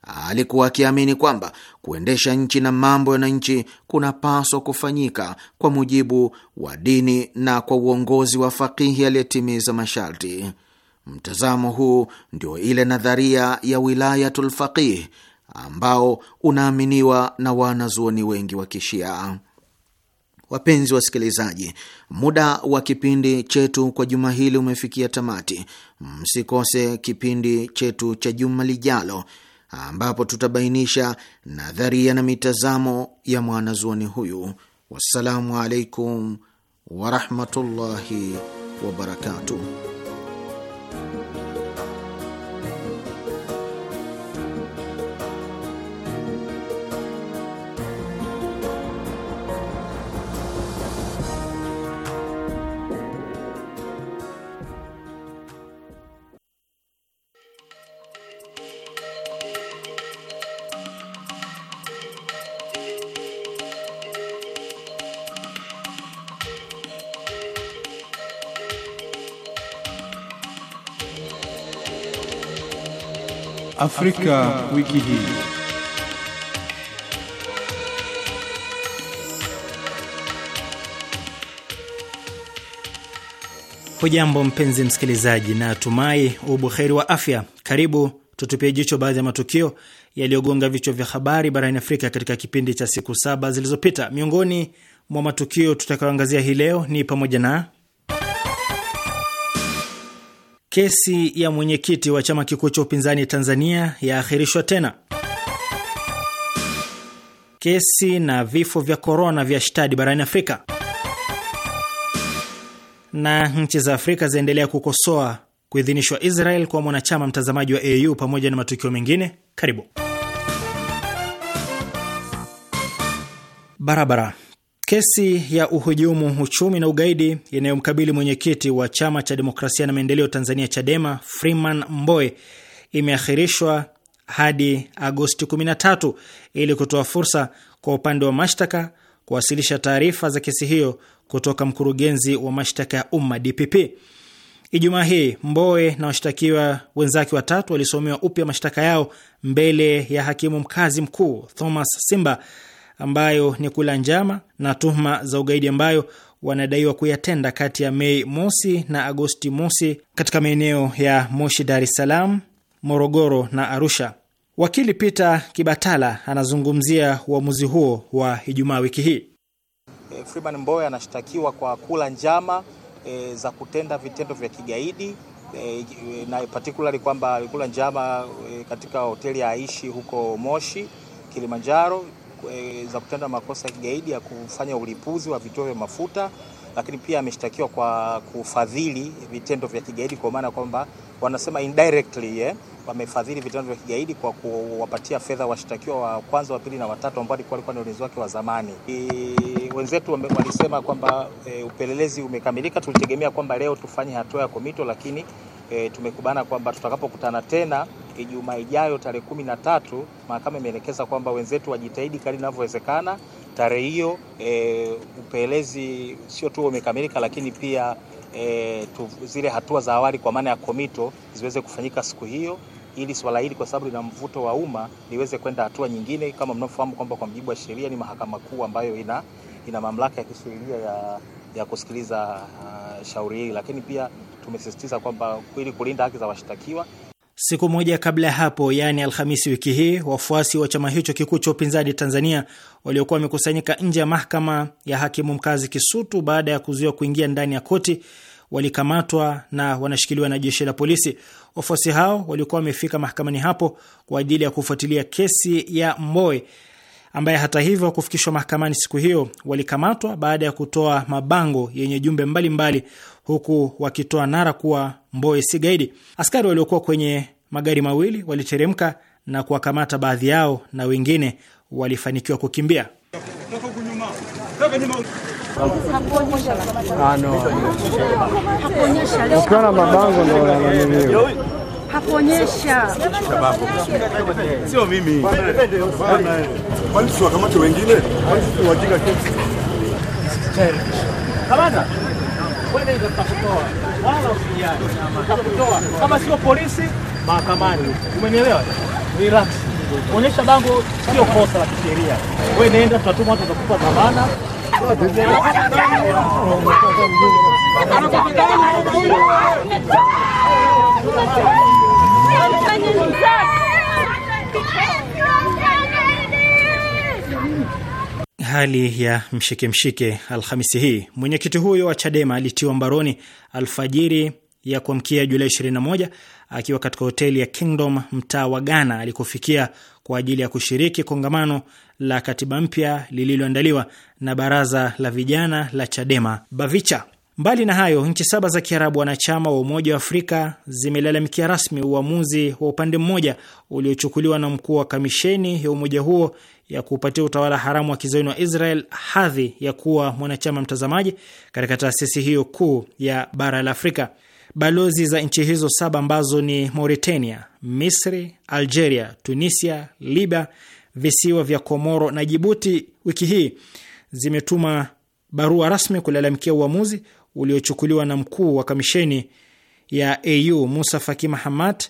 alikuwa akiamini kwamba kuendesha nchi na mambo ya wananchi kunapaswa kufanyika kwa mujibu wa dini na kwa uongozi wa fakihi aliyetimiza masharti. Mtazamo huu ndio ile nadharia ya wilayatul faqih ambao unaaminiwa na wanazuoni wengi wa Kishia. Wapenzi wasikilizaji, muda wa kipindi chetu kwa juma hili umefikia tamati. Msikose kipindi chetu cha juma lijalo ambapo tutabainisha nadharia na mitazamo ya mwanazuoni huyu. Wassalamu alaikum warahmatullahi wabarakatuh. Afrika, wiki hii. Hujambo mpenzi msikilizaji, na tumai ubuheri wa afya. Karibu tutupie jicho baadhi ya matukio yaliyogonga vichwa vya habari barani Afrika katika kipindi cha siku saba zilizopita. Miongoni mwa matukio tutakayoangazia hii leo ni pamoja na Kesi ya mwenyekiti wa chama kikuu cha upinzani Tanzania yaahirishwa tena. Kesi na vifo vya korona vya shtadi barani Afrika. Na nchi za Afrika zinaendelea kukosoa kuidhinishwa Israel kwa mwanachama mtazamaji wa AU pamoja na matukio mengine. Karibu barabara. Kesi ya uhujumu uchumi na ugaidi inayomkabili mwenyekiti wa chama cha demokrasia na maendeleo Tanzania Chadema Freeman Mbowe imeahirishwa hadi Agosti 13 ili kutoa fursa kwa upande wa mashtaka kuwasilisha taarifa za kesi hiyo kutoka mkurugenzi wa mashtaka ya umma DPP. Ijumaa hii Mbowe na washtakiwa wenzake watatu walisomewa upya mashtaka yao mbele ya hakimu mkazi mkuu Thomas Simba ambayo ni kula njama na tuhuma za ugaidi ambayo wanadaiwa kuyatenda kati ya Mei mosi na Agosti mosi katika maeneo ya Moshi, Dar es Salaam, Morogoro na Arusha. Wakili Peter Kibatala anazungumzia uamuzi huo wa Ijumaa wiki hii. Eh, Freeman Mbowe anashtakiwa kwa kula njama e, za kutenda vitendo vya kigaidi e, na particularly kwamba alikula njama e, katika hoteli ya Aishi huko Moshi Kilimanjaro Eh, za kutenda makosa ya kigaidi ya kufanya ulipuzi wa vituo vya mafuta, lakini pia ameshtakiwa kwa kufadhili vitendo vya kigaidi, kwa maana kwamba wanasema indirectly eh, wamefadhili vitendo vya kigaidi kwa kuwapatia fedha washtakiwa wa kwanza, wa pili na watatu ambao walikuwa ni ulinzi wake wa zamani. Wenzetu walisema kwamba e, upelelezi umekamilika. Tulitegemea kwamba leo tufanye hatua ya komito, lakini e, tumekubana kwamba tutakapokutana tena Ijumaa ijayo tarehe kumi na tatu mahakama imeelekeza kwamba wenzetu wajitahidi kadri inavyowezekana tarehe hiyo e, upelelezi sio tu umekamilika, lakini pia e, tu, zile hatua za awali kwa maana ya komito ziweze kufanyika siku hiyo ili swala hili kwa sababu lina mvuto wa umma liweze kwenda hatua nyingine. Kama mnavyofahamu kwamba kwa mujibu wa sheria ni mahakama kuu ambayo ina, ina mamlaka ya kisheria ya, ya kusikiliza uh, shauri hili, lakini pia tumesisitiza kwamba ili kulinda haki za washtakiwa Siku moja kabla ya hapo, yaani Alhamisi wiki hii, wafuasi wa chama hicho kikuu cha upinzani Tanzania waliokuwa wamekusanyika nje ya mahakama ya hakimu mkazi Kisutu baada ya kuzuiwa kuingia ndani ya koti walikamatwa na wanashikiliwa na jeshi la polisi. Wafuasi hao walikuwa wamefika mahakamani hapo kwa ajili ya kufuatilia kesi ya mboe ambaye hata hivyo kufikishwa mahakamani siku hiyo, walikamatwa baada ya kutoa mabango yenye jumbe mbalimbali mbali, huku wakitoa nara kuwa mboe si gaidi. Askari waliokuwa kwenye magari mawili waliteremka na kuwakamata baadhi yao na wengine walifanikiwa kukimbia. Ah, Ukiona mabango ndo Kaponyesha sababu sio mimi, kwani siwakamate wengine? Wajika kamanda wende kutoa wala usijali, kutoa kama sio polisi mahakamani. Umenielewa? Relax, kuonyesha bango sio kosa la kisheria. Wewe nenda, tutatuma watu watakupa dhamana Anakutana na Hali ya mshike mshike Alhamisi hii, mwenyekiti huyo wa Chadema alitiwa mbaroni alfajiri ya kuamkia Julai 21 akiwa katika hoteli ya Kingdom mtaa wa Ghana alikofikia kwa ajili ya kushiriki kongamano la katiba mpya lililoandaliwa na baraza la vijana la Chadema BAVICHA. Mbali na hayo, nchi saba za Kiarabu wanachama wa Umoja wa Afrika zimelalamikia rasmi uamuzi wa upande mmoja uliochukuliwa na mkuu wa kamisheni ya umoja huo ya kuupatia utawala haramu wa kizayuni wa Israel hadhi ya kuwa mwanachama mtazamaji katika taasisi hiyo kuu ya bara la Afrika. Balozi za nchi hizo saba ambazo ni Mauritania, Misri, Algeria, Tunisia, Libya, visiwa vya Komoro na Jibuti wiki hii zimetuma barua rasmi kulalamikia uamuzi uliochukuliwa na mkuu wa kamisheni ya AU Musa Faki Mahamat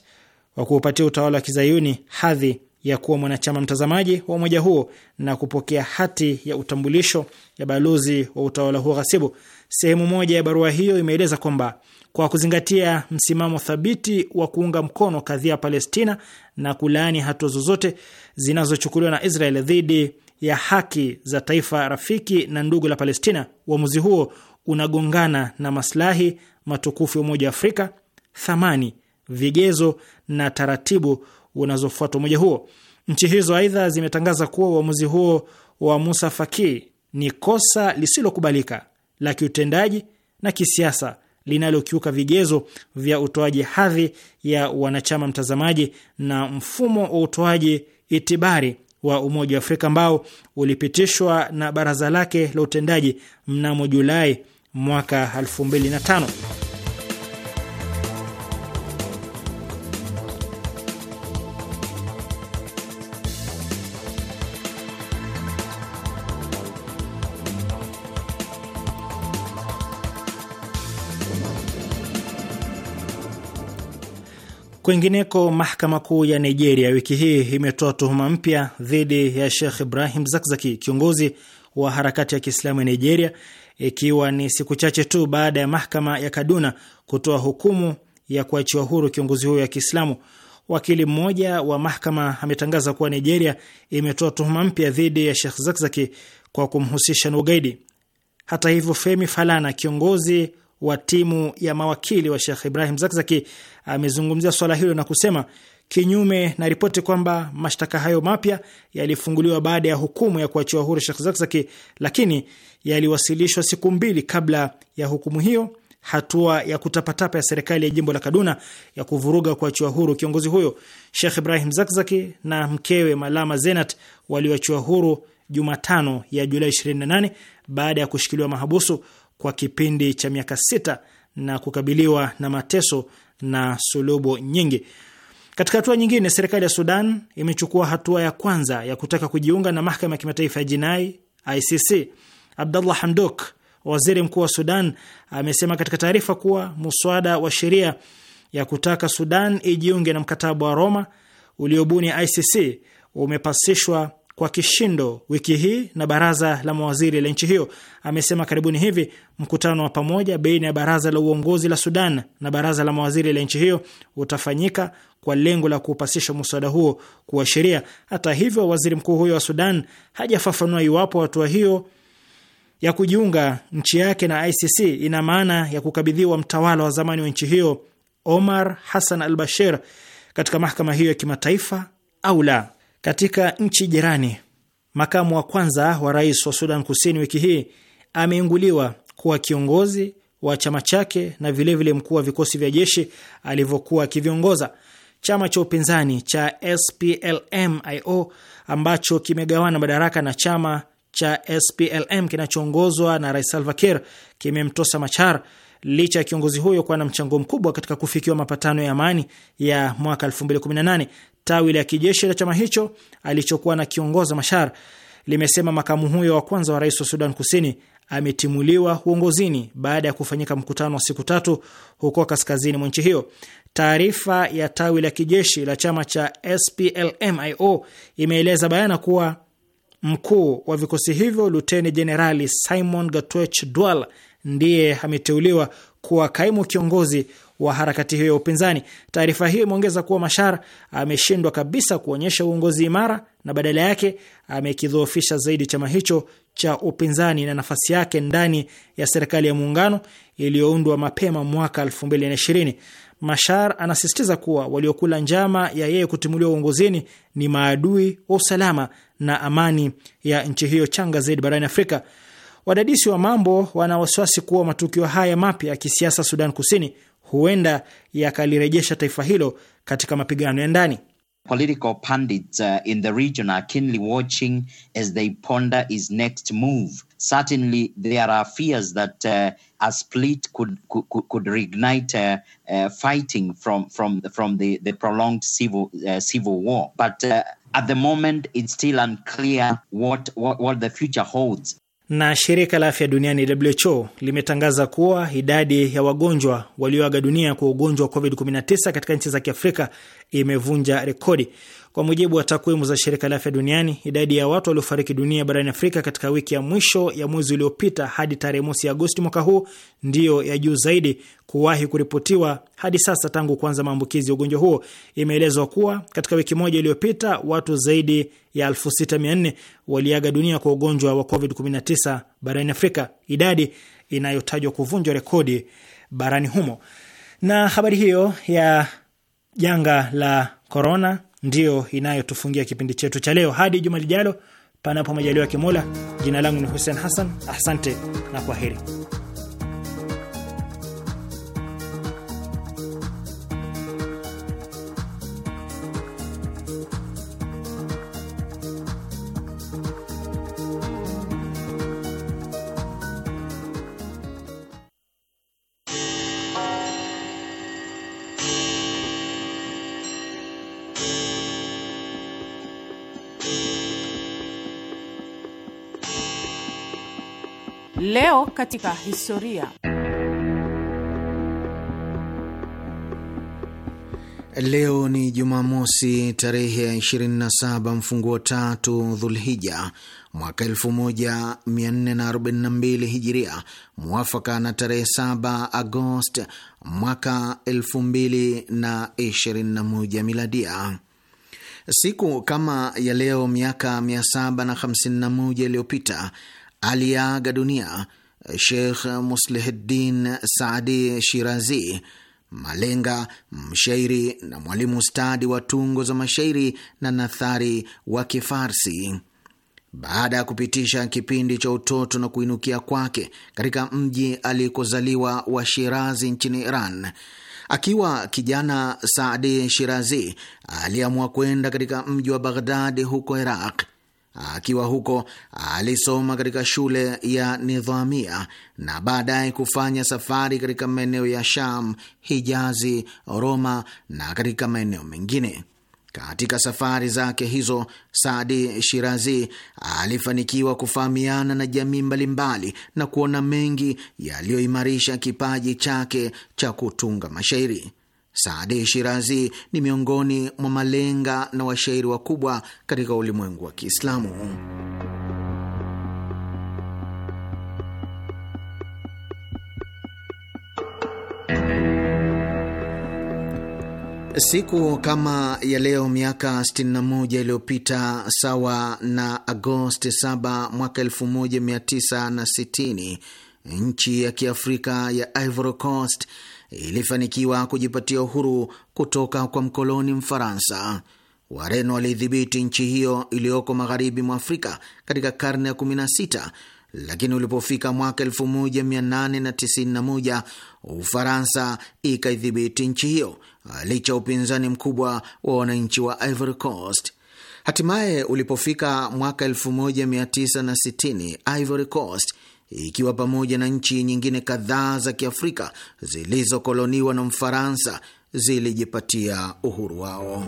wa kuupatia utawala wa kizayuni hadhi ya kuwa mwanachama mtazamaji wa umoja huo na kupokea hati ya utambulisho ya balozi wa utawala huo ghasibu. Sehemu moja ya barua hiyo imeeleza kwamba kwa kuzingatia msimamo thabiti wa kuunga mkono kadhia ya Palestina na kulaani hatua zozote zinazochukuliwa na Israel dhidi ya haki za taifa rafiki na ndugu la Palestina, uamuzi huo unagongana na maslahi matukufu ya Umoja wa Afrika, thamani, vigezo na taratibu unazofuata umoja huo. Nchi hizo aidha zimetangaza kuwa uamuzi huo wa Musa Faki ni kosa lisilokubalika la kiutendaji na kisiasa linalokiuka vigezo vya utoaji hadhi ya wanachama mtazamaji na mfumo wa utoaji itibari wa Umoja wa Afrika ambao ulipitishwa na baraza lake la utendaji mnamo Julai mwaka 2005. Kwingineko, mahakama kuu ya Nigeria wiki hii imetoa tuhuma mpya dhidi ya Sheikh Ibrahim Zakzaki, kiongozi wa harakati ya Kiislamu ya Nigeria ikiwa ni siku chache tu baada ya mahakama ya Kaduna kutoa hukumu ya kuachiwa huru kiongozi huyo wa Kiislamu. Wakili mmoja wa mahakama ametangaza kuwa Nigeria imetoa tuhuma mpya dhidi ya Sheikh Zakzaki kwa kumhusisha na ugaidi. Hata hivyo, Femi Falana, kiongozi wa timu ya mawakili wa Sheikh Ibrahim Zakzaki, amezungumzia swala hilo na kusema kinyume na ripoti kwamba mashtaka hayo mapya yalifunguliwa baada ya hukumu ya kuachiwa huru Sheikh Zakzaki, lakini yaliwasilishwa siku mbili kabla ya hukumu hiyo. Hatua ya kutapatapa ya serikali ya jimbo la Kaduna ya kuvuruga kuachiwa huru kiongozi huyo Sheikh Ibrahim Zakzaki na mkewe Malama Zenat walioachiwa huru Jumatano ya Julai 28 baada ya kushikiliwa mahabusu kwa kipindi cha miaka sita na kukabiliwa na mateso na sulubu nyingi. Katika hatua nyingine, serikali ya Sudan imechukua hatua ya kwanza ya kutaka kujiunga na mahakama ya kimataifa ya jinai ICC. Abdallah Hamdok, waziri mkuu wa Sudan, amesema katika taarifa kuwa muswada wa sheria ya kutaka Sudan ijiunge na mkataba wa Roma uliobuni ICC umepasishwa kwa kishindo wiki hii na baraza la mawaziri la nchi hiyo. Amesema karibuni hivi mkutano wa pamoja baina ya baraza la uongozi la Sudan na baraza la mawaziri la nchi hiyo utafanyika kwa lengo la kuupasisha muswada huo kuwa sheria. Hata hivyo, waziri mkuu huyo wa Sudan hajafafanua iwapo hatua hiyo ya kujiunga nchi yake na ICC ina maana ya kukabidhiwa mtawala wa zamani wa nchi hiyo Omar Hassan al-Bashir katika mahakama hiyo ya kimataifa au la. Katika nchi jirani, makamu wa kwanza wa rais wa Sudan Kusini wiki hii ameinguliwa kuwa kiongozi wa chama chake na vilevile mkuu wa vikosi vya jeshi alivyokuwa akiviongoza. Chama cha upinzani cha SPLMIO ambacho kimegawana madaraka na chama cha SPLM kinachoongozwa na Rais Salva Kiir kimemtosa Machar licha ya kiongozi huyo kuwa na mchango mkubwa katika kufikiwa mapatano ya amani ya mwaka 2018 tawi la kijeshi la chama hicho alichokuwa na kiongoza Mashar limesema makamu huyo wa kwanza wa rais wa Sudan Kusini ametimuliwa uongozini baada ya kufanyika mkutano wa siku tatu huko kaskazini mwa nchi hiyo. Taarifa ya tawi la kijeshi la chama cha SPLMIO imeeleza bayana kuwa mkuu wa vikosi hivyo Luteni Jenerali Simon Gatwech Dwal ndiye ameteuliwa kuwa kaimu kiongozi wa harakati hiyo ya upinzani. Taarifa hiyo imeongeza kuwa Mashar ameshindwa kabisa kuonyesha uongozi imara na badala yake amekidhoofisha zaidi chama hicho cha upinzani na nafasi yake ndani ya serikali ya muungano iliyoundwa mapema mwaka 2020. Mashar anasisitiza kuwa waliokula njama ya yeye kutimuliwa uongozini ni maadui wa usalama na amani ya nchi hiyo changa zaidi barani Afrika. Wadadisi wa mambo wana wasiwasi kuwa matukio haya mapya ya kisiasa Sudan Kusini huenda yakalirejesha taifa hilo katika mapigano ya ndani. Political pundits uh, in the region are keenly watching as they ponder his next move. Certainly there are fears that uh, a split could, could, could reignite uh, uh, fighting from, from, from the, the prolonged civil, uh, civil war. But uh, at the moment it's still unclear what, what, what the future holds. Na shirika la afya duniani WHO limetangaza kuwa idadi ya wagonjwa walioaga dunia kwa ugonjwa wa COVID-19 katika nchi za Kiafrika imevunja rekodi. Kwa mujibu wa takwimu za shirika la afya duniani, idadi ya watu waliofariki dunia barani Afrika katika wiki ya mwisho ya mwezi uliopita hadi tarehe mosi ya Agosti mwaka huu ndiyo ya juu zaidi kuwahi kuripotiwa hadi sasa tangu kuanza maambukizi ya ugonjwa huo. Imeelezwa kuwa katika wiki moja iliyopita watu zaidi ya 6400 waliaga dunia kwa ugonjwa wa COVID-19 barani Afrika, idadi inayotajwa kuvunjwa rekodi barani humo. Na habari hiyo ya janga la korona ndiyo inayotufungia kipindi chetu cha leo. Hadi juma lijalo, panapo majaliwa Kimola. Jina langu ni Hussein Hassan, asante na kwa heri Leo katika historia. Leo ni Jumamosi tarehe ya 27 mfunguo tatu Dhulhija mwaka 1442 Hijiria, mwafaka na tarehe 7 Agosti mwaka 2021 Miladia. Siku kama ya leo miaka 751 iliyopita aliyeaga dunia Sheikh Muslihuddin Saadi Shirazi, malenga mshairi na mwalimu stadi wa tungo za mashairi na nathari wa Kifarsi. Baada ya kupitisha kipindi cha utoto na kuinukia kwake katika mji alikozaliwa wa Shirazi nchini Iran, akiwa kijana Saadi Shirazi aliamua kwenda katika mji wa Baghdadi huko Iraq Akiwa huko alisoma katika shule ya nidhamia na baadaye kufanya safari katika maeneo ya Sham, Hijazi, Roma na katika maeneo mengine. Katika safari zake hizo, sadi Shirazi alifanikiwa kufahamiana na jamii mbalimbali na kuona mengi yaliyoimarisha kipaji chake cha kutunga mashairi. Saadi Shirazi ni miongoni mwa malenga na washairi wakubwa katika ulimwengu wa Kiislamu. Siku kama ya leo miaka 61 iliyopita sawa na Agosti 7 mwaka 1960, nchi ya Kiafrika ya Ivory Coast ilifanikiwa kujipatia uhuru kutoka kwa mkoloni Mfaransa. Wareno walidhibiti nchi hiyo iliyoko magharibi mwa Afrika katika karne ya 16, lakini ulipofika mwaka 1891 Ufaransa ikaidhibiti nchi hiyo licha upinzani mkubwa wa wananchi wa Ivory Coast. Hatimaye ulipofika mwaka 1960 Ivory Coast ikiwa pamoja na nchi nyingine kadhaa za Kiafrika zilizokoloniwa na Mfaransa zilijipatia uhuru wao.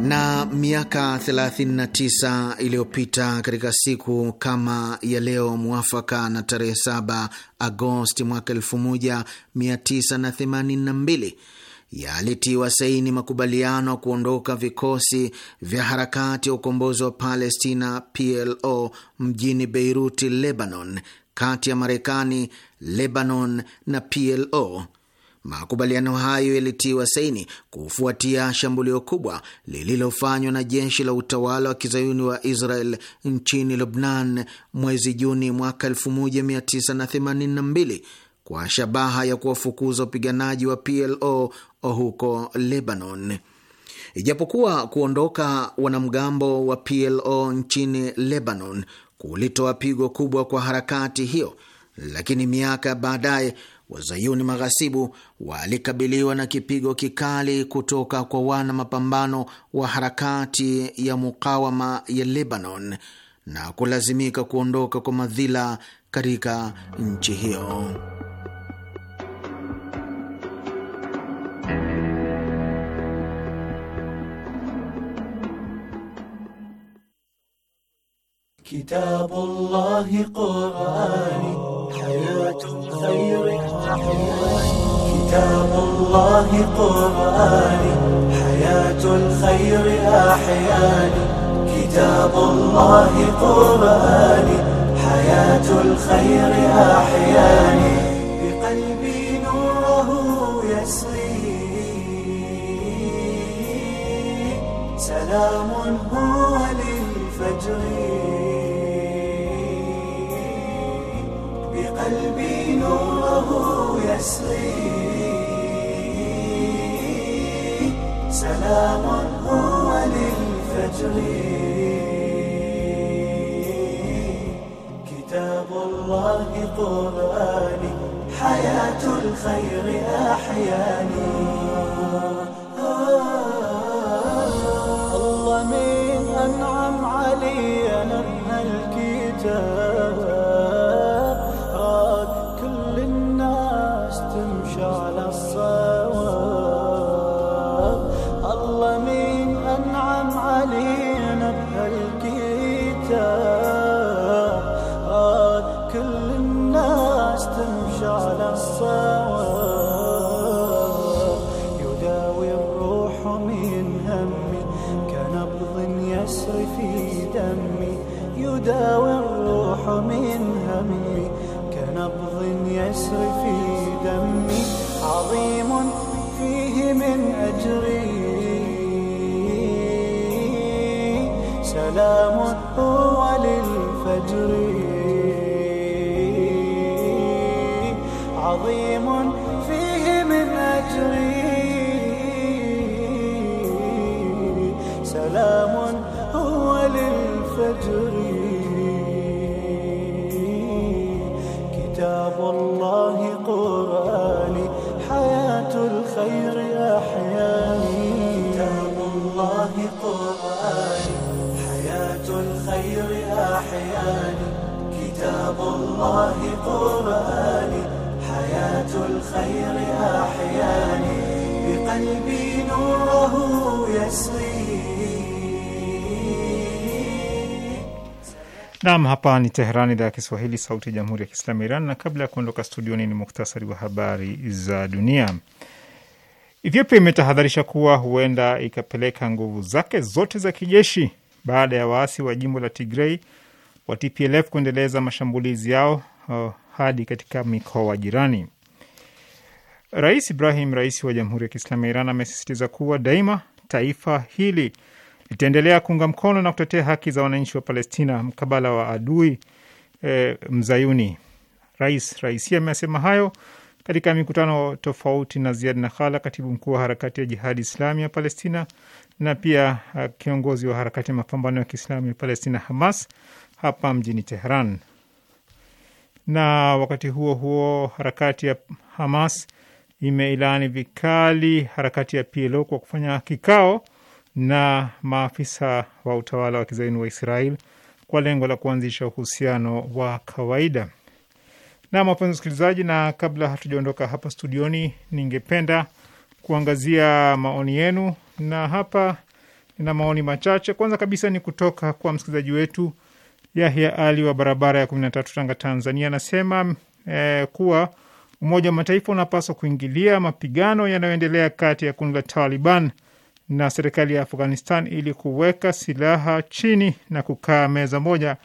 Na miaka 39 iliyopita katika siku kama ya leo, mwafaka na tarehe 7 Agosti mwaka 1982 yalitiwa saini makubaliano ya kuondoka vikosi vya harakati ya ukombozi wa Palestina PLO mjini Beiruti, Lebanon, kati ya Marekani, Lebanon na PLO. Makubaliano hayo yalitiwa saini kufuatia shambulio kubwa lililofanywa na jeshi la utawala wa kizayuni wa Israel nchini Lubnan mwezi Juni mwaka 1982 kwa shabaha ya kuwafukuza wapiganaji wa PLO huko Lebanon. Ijapokuwa kuondoka wanamgambo wa PLO nchini Lebanon kulitoa pigo kubwa kwa harakati hiyo, lakini miaka baadaye wazayuni maghasibu walikabiliwa na kipigo kikali kutoka kwa wana mapambano wa harakati ya mukawama ya Lebanon na kulazimika kuondoka kwa madhila katika nchi hiyo. كتاب الله قرآني حياة الخير أحياني كتاب الله قرآني حياة الخير أحياني كتاب الله قرآني حياة الخير أحياني بقلبي نوره يسري سلام هو للفجر وهو يسري سلام هو للفجر كتاب الله قرآني حياة الخير أحياني الصواب يداوي الروح من همي كنبض يسري في دمي يداوي الروح من همي كنبض يسري في دمي عظيم فيه من أجري سلام هو للفجر الله قرآني حياة الخير أحياني بقلبي نوره يسري Nam, hapa ni Teheran, idhaa ya Kiswahili, sauti ya jamhuri ya kiislamu ya Iran. Na kabla ya kuondoka studioni, ni muktasari wa habari za dunia. Ethiopia imetahadharisha kuwa huenda ikapeleka nguvu zake zote za kijeshi baada ya waasi wa jimbo la Tigrei wa TPLF kuendeleza mashambulizi yao uh, hadi katika mikoa jirani. Rais Ibrahim Raisi wa Jamhuri ya Kiislamu ya Iran amesisitiza kuwa daima taifa hili litaendelea kuunga mkono na kutetea haki za wananchi wa Palestina mkabala wa adui e, mzayuni. Rais Raisi amesema hayo katika mikutano tofauti na Ziad Nakhala, katibu mkuu wa harakati ya Jihadi Islami ya Palestina na pia eh, kiongozi wa harakati ya mapambano ya Kiislamu ya Palestina, Hamas, hapa mjini Tehran. Na wakati huo huo, harakati ya Hamas imeilani vikali harakati ya PLO kwa kufanya kikao na maafisa wa utawala wa kizaini wa Israel kwa lengo la kuanzisha uhusiano wa kawaida. Na wapenzi wasikilizaji, na kabla hatujaondoka hapa studioni, ningependa kuangazia maoni yenu, na hapa nina maoni machache. Kwanza kabisa ni kutoka kwa msikilizaji wetu Yahya Ali wa barabara ya 13 Tanga, Tanzania, anasema eh, kuwa Umoja wa Mataifa unapaswa kuingilia mapigano yanayoendelea kati ya kundi la Taliban na serikali ya Afghanistan ili kuweka silaha chini na kukaa meza moja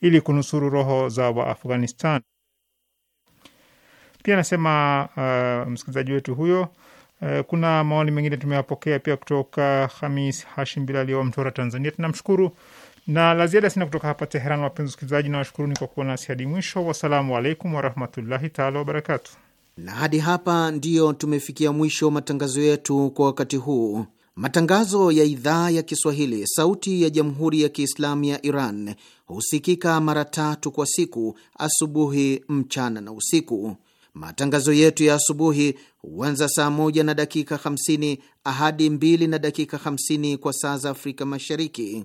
ili kunusuru roho za Waafghanistan. Pia anasema uh, msikilizaji wetu huyo uh, kuna maoni mengine tumeyapokea pia kutoka Hamis Hashim Bilali wa Tanzania. Tunamshukuru na la ziada sina kutoka hapa Teheran. Wapenzi wasikilizaji, na washukuruni kwa kuwa nasi hadi mwisho. Wassalamu alaikum warahmatullahi taala wabarakatu. Na hadi hapa ndiyo tumefikia mwisho matangazo yetu kwa wakati huu. Matangazo ya idhaa ya Kiswahili sauti ya jamhuri ya Kiislamu ya Iran husikika mara tatu kwa siku: asubuhi, mchana na usiku. Matangazo yetu ya asubuhi huanza saa moja na dakika 50 ahadi 2 na dakika 50 kwa saa za Afrika Mashariki